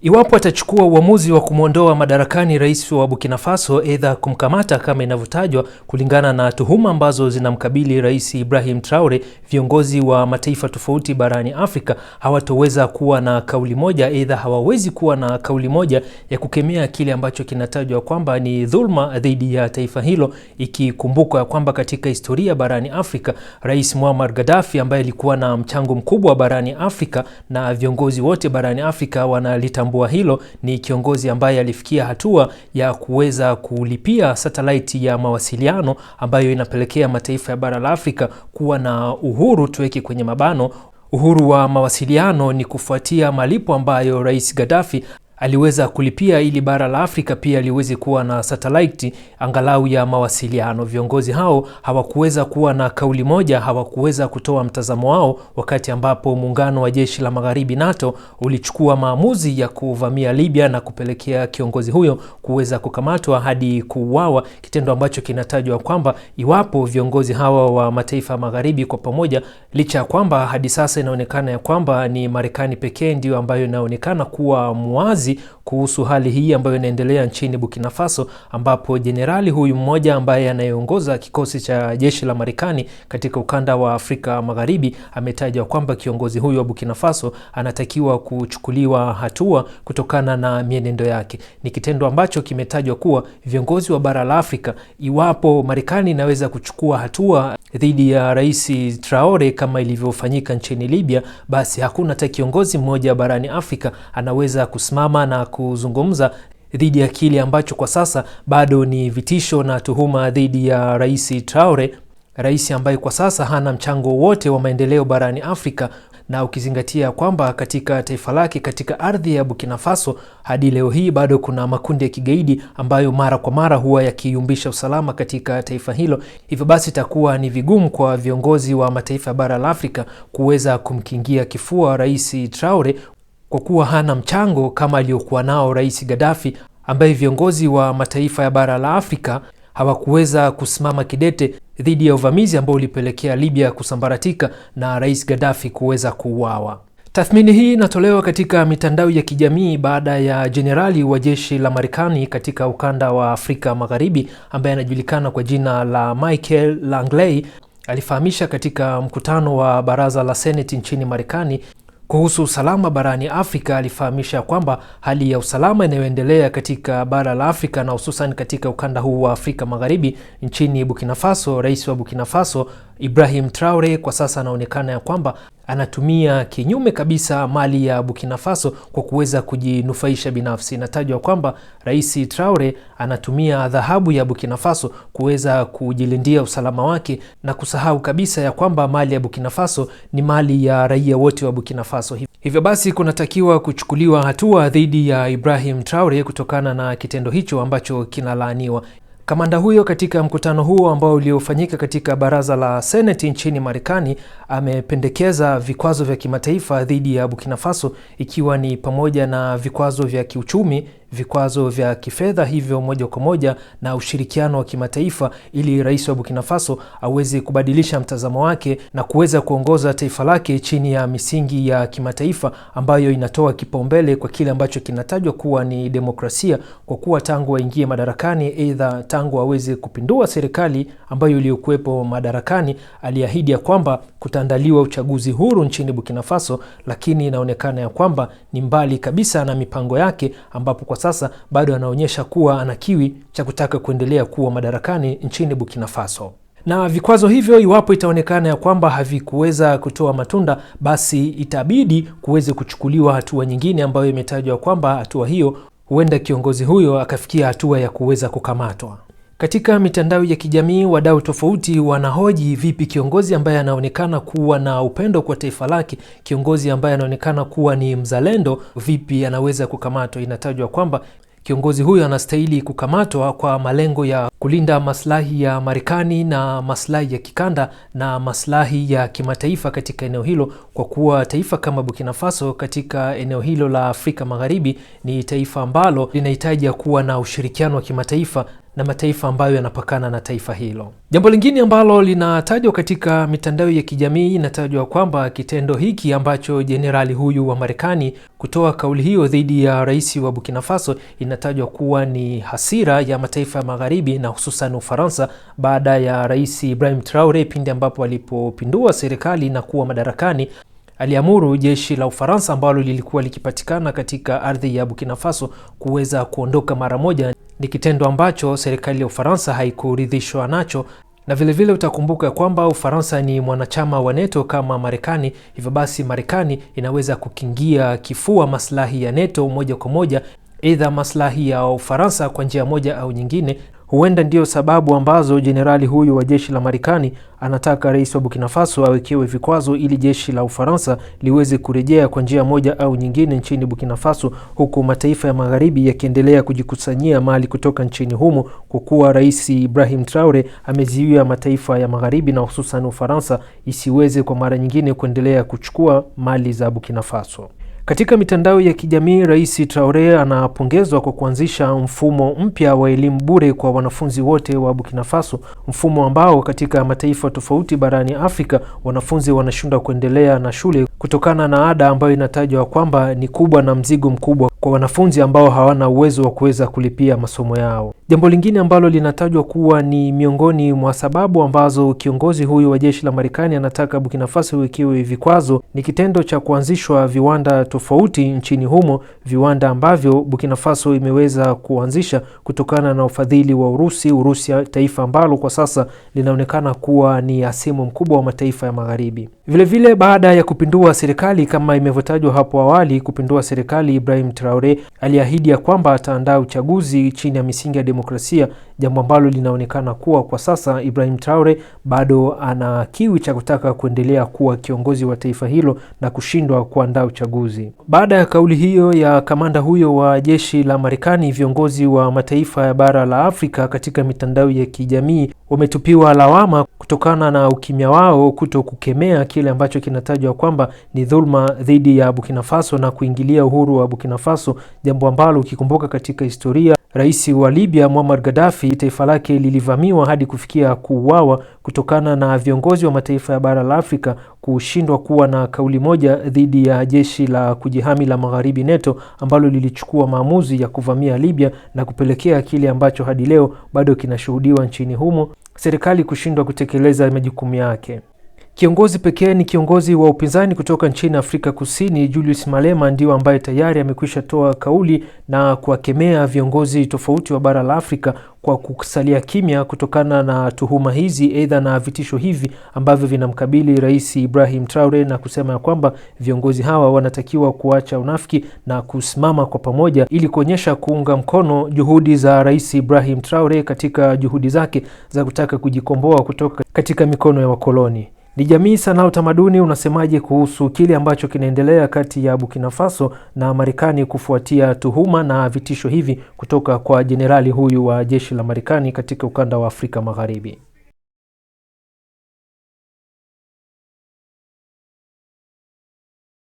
Iwapo atachukua uamuzi wa kumwondoa madarakani rais wa Burkina Faso, aidha kumkamata kama inavyotajwa kulingana na tuhuma ambazo zinamkabili rais Ibrahim Traore, viongozi wa mataifa tofauti barani Afrika hawatoweza kuwa na kauli moja, aidha hawawezi kuwa na kauli moja ya kukemea kile ambacho kinatajwa kwamba ni dhulma dhidi ya taifa hilo, ikikumbuka kwamba katika historia barani Afrika rais Muammar Gaddafi ambaye alikuwa na mchango mkubwa barani Afrika na viongozi wote barani Afrika wanalita kutambua hilo ni kiongozi ambaye alifikia hatua ya kuweza kulipia satelaiti ya mawasiliano ambayo inapelekea mataifa ya bara la Afrika kuwa na uhuru, tuweke kwenye mabano, uhuru wa mawasiliano ni kufuatia malipo ambayo Rais Gaddafi aliweza kulipia ili bara la Afrika pia liweze kuwa na satellite angalau ya mawasiliano. Viongozi hao hawakuweza kuwa na kauli moja, hawakuweza kutoa mtazamo wao wakati ambapo muungano wa jeshi la magharibi NATO ulichukua maamuzi ya kuvamia Libya na kupelekea kiongozi huyo kuweza kukamatwa hadi kuuawa, kitendo ambacho kinatajwa kwamba iwapo viongozi hawa wa mataifa magharibi kwa pamoja, licha ya kwamba hadi sasa inaonekana ya kwamba ni Marekani pekee ndiyo ambayo inaonekana kuwa muwazi wazi kuhusu hali hii ambayo inaendelea nchini Burkina Faso, ambapo jenerali huyu mmoja ambaye anayeongoza kikosi cha jeshi la Marekani katika ukanda wa Afrika Magharibi ametajwa kwamba kiongozi huyu wa Burkina Faso anatakiwa kuchukuliwa hatua kutokana na mienendo yake. Ni kitendo ambacho kimetajwa kuwa viongozi wa bara la Afrika, iwapo Marekani inaweza kuchukua hatua dhidi ya Rais Traore kama ilivyofanyika nchini Libya, basi hakuna hata kiongozi mmoja barani Afrika anaweza kusimama kusimama na kuzungumza dhidi ya kile ambacho kwa sasa bado ni vitisho na tuhuma dhidi ya Rais Traore, rais ambaye kwa sasa hana mchango wowote wa maendeleo barani Afrika na ukizingatia kwamba katika taifa lake katika ardhi ya Burkina Faso hadi leo hii bado kuna makundi ya kigaidi ambayo mara kwa mara huwa yakiyumbisha usalama katika taifa hilo. Hivyo basi itakuwa ni vigumu kwa viongozi wa mataifa ya bara la Afrika kuweza kumkingia kifua Rais Traore kwa kuwa hana mchango kama aliyokuwa nao Rais Gaddafi ambaye viongozi wa mataifa ya bara la Afrika hawakuweza kusimama kidete dhidi ya uvamizi ambao ulipelekea Libya kusambaratika na Rais Gaddafi kuweza kuuawa. Tathmini hii inatolewa katika mitandao ya kijamii baada ya jenerali wa jeshi la Marekani katika ukanda wa Afrika Magharibi ambaye anajulikana kwa jina la Michael Langley alifahamisha katika mkutano wa baraza la Seneti nchini Marekani kuhusu usalama barani Afrika alifahamisha kwamba hali ya usalama inayoendelea katika bara la Afrika na hususan katika ukanda huu wa Afrika Magharibi nchini Burkina Faso, rais wa Burkina Faso Ibrahim Traore kwa sasa anaonekana ya kwamba anatumia kinyume kabisa mali ya Burkina Faso kwa kuweza kujinufaisha binafsi. Inatajwa kwamba Rais Traore anatumia dhahabu ya Burkina Faso kuweza kujilindia usalama wake na kusahau kabisa ya kwamba mali ya Burkina Faso ni mali ya raia wote wa Burkina Faso. Hivyo basi kunatakiwa kuchukuliwa hatua dhidi ya Ibrahim Traore kutokana na kitendo hicho ambacho kinalaaniwa. Kamanda huyo katika mkutano huo ambao uliofanyika katika baraza la seneti nchini Marekani amependekeza vikwazo vya kimataifa dhidi ya Burkina Faso ikiwa ni pamoja na vikwazo vya kiuchumi vikwazo vya kifedha hivyo moja kwa moja na ushirikiano wa kimataifa ili rais wa Burkina Faso aweze kubadilisha mtazamo wake na kuweza kuongoza taifa lake chini ya misingi ya kimataifa ambayo inatoa kipaumbele kwa kile ambacho kinatajwa kuwa ni demokrasia, kwa kuwa tangu aingie madarakani, aidha tangu aweze kupindua serikali ambayo iliyokuwepo madarakani, aliahidi ya kwamba kutaandaliwa uchaguzi huru nchini Burkina Faso, lakini inaonekana ya kwamba ni mbali kabisa na mipango yake ambapo kwa sasa bado anaonyesha kuwa ana kiwi cha kutaka kuendelea kuwa madarakani nchini Burkina Faso na vikwazo hivyo, iwapo itaonekana ya kwamba havikuweza kutoa matunda, basi itabidi kuweze kuchukuliwa hatua nyingine ambayo imetajwa kwamba hatua hiyo huenda kiongozi huyo akafikia hatua ya kuweza kukamatwa. Katika mitandao ya kijamii wadau tofauti wanahoji vipi kiongozi ambaye anaonekana kuwa na upendo kwa taifa lake, kiongozi ambaye anaonekana kuwa ni mzalendo, vipi anaweza kukamatwa? Inatajwa kwamba kiongozi huyo anastahili kukamatwa kwa malengo ya kulinda maslahi ya Marekani na maslahi ya kikanda na maslahi ya kimataifa katika eneo hilo, kwa kuwa taifa kama Burkina Faso katika eneo hilo la Afrika Magharibi ni taifa ambalo linahitaji kuwa na ushirikiano wa kimataifa na mataifa ambayo yanapakana na taifa hilo. Jambo lingine ambalo linatajwa katika mitandao ya kijamii, inatajwa kwamba kitendo hiki ambacho jenerali huyu wa Marekani kutoa kauli hiyo dhidi ya rais wa Burkina Faso inatajwa kuwa ni hasira ya mataifa ya magharibi na hususan Ufaransa baada ya rais Ibrahim Traore pindi ambapo alipopindua serikali na kuwa madarakani aliamuru jeshi la Ufaransa ambalo lilikuwa likipatikana katika ardhi ya Burkina Faso kuweza kuondoka mara moja. Ni kitendo ambacho serikali ya Ufaransa haikuridhishwa nacho na vilevile utakumbuka kwamba Ufaransa ni mwanachama wa NATO kama Marekani. Hivyo basi, Marekani inaweza kukingia kifua maslahi ya NATO moja kwa moja, aidha maslahi ya Ufaransa kwa njia moja au nyingine. Huenda ndiyo sababu ambazo jenerali huyu wa jeshi la Marekani anataka rais wa Burkina Faso awekewe vikwazo ili jeshi la Ufaransa liweze kurejea kwa njia moja au nyingine nchini Burkina Faso, huku mataifa ya magharibi yakiendelea kujikusanyia mali kutoka nchini humo, kwa kuwa Rais Ibrahim Traore ameziwia mataifa ya magharibi na hususan Ufaransa isiweze kwa mara nyingine kuendelea kuchukua mali za Burkina Faso. Katika mitandao ya kijamii, Rais Traore anapongezwa kwa kuanzisha mfumo mpya wa elimu bure kwa wanafunzi wote wa Burkina Faso, mfumo ambao katika mataifa tofauti barani Afrika wanafunzi wanashindwa kuendelea na shule kutokana na ada ambayo inatajwa kwamba ni kubwa na mzigo mkubwa kwa wanafunzi ambao hawana uwezo wa kuweza kulipia masomo yao. Jambo lingine ambalo linatajwa kuwa ni miongoni mwa sababu ambazo kiongozi huyu wa jeshi la Marekani anataka Burkina Faso iwekewe vikwazo ni kitendo cha kuanzishwa viwanda tofauti nchini humo, viwanda ambavyo Burkina Faso imeweza kuanzisha kutokana na ufadhili wa Urusi, Urusi taifa ambalo kwa sasa linaonekana kuwa ni hasimu mkubwa wa mataifa ya magharibi. Vilevile, baada ya kupindua serikali kama imevyotajwa hapo awali, kupindua serikali Ibrahim Traore Traore aliahidi ya kwamba ataandaa uchaguzi chini ya misingi ya demokrasia, jambo ambalo linaonekana kuwa kwa sasa Ibrahim Traore bado ana kiwi cha kutaka kuendelea kuwa kiongozi wa taifa hilo na kushindwa kuandaa uchaguzi. Baada ya kauli hiyo ya kamanda huyo wa jeshi la Marekani, viongozi wa mataifa ya bara la Afrika katika mitandao ya kijamii wametupiwa lawama kutokana na ukimya wao kuto kukemea kile ambacho kinatajwa kwamba ni dhulma dhidi ya Burkina Faso na kuingilia uhuru wa Burkina Faso, jambo ambalo ukikumbuka katika historia Rais wa Libya Muammar Gaddafi taifa lake lilivamiwa hadi kufikia kuuawa kutokana na viongozi wa mataifa ya bara la Afrika kushindwa kuwa na kauli moja dhidi ya jeshi la kujihami la Magharibi NATO ambalo lilichukua maamuzi ya kuvamia Libya na kupelekea kile ambacho hadi leo bado kinashuhudiwa nchini humo, serikali kushindwa kutekeleza majukumu yake. Kiongozi pekee ni kiongozi wa upinzani kutoka nchini Afrika Kusini, Julius Malema ndio ambaye tayari amekwisha toa kauli na kuwakemea viongozi tofauti wa bara la Afrika kwa kusalia kimya kutokana na tuhuma hizi, aidha na vitisho hivi ambavyo vinamkabili Rais Ibrahim Traore, na kusema ya kwamba viongozi hawa wanatakiwa kuacha unafiki na kusimama kwa pamoja ili kuonyesha kuunga mkono juhudi za Rais Ibrahim Traore katika juhudi zake za kutaka kujikomboa kutoka katika mikono ya wakoloni. Ni jamii, sanaa, utamaduni, unasemaje kuhusu kile ambacho kinaendelea kati ya Burkina Faso na Marekani kufuatia tuhuma na vitisho hivi kutoka kwa jenerali huyu wa jeshi la Marekani katika ukanda wa Afrika Magharibi?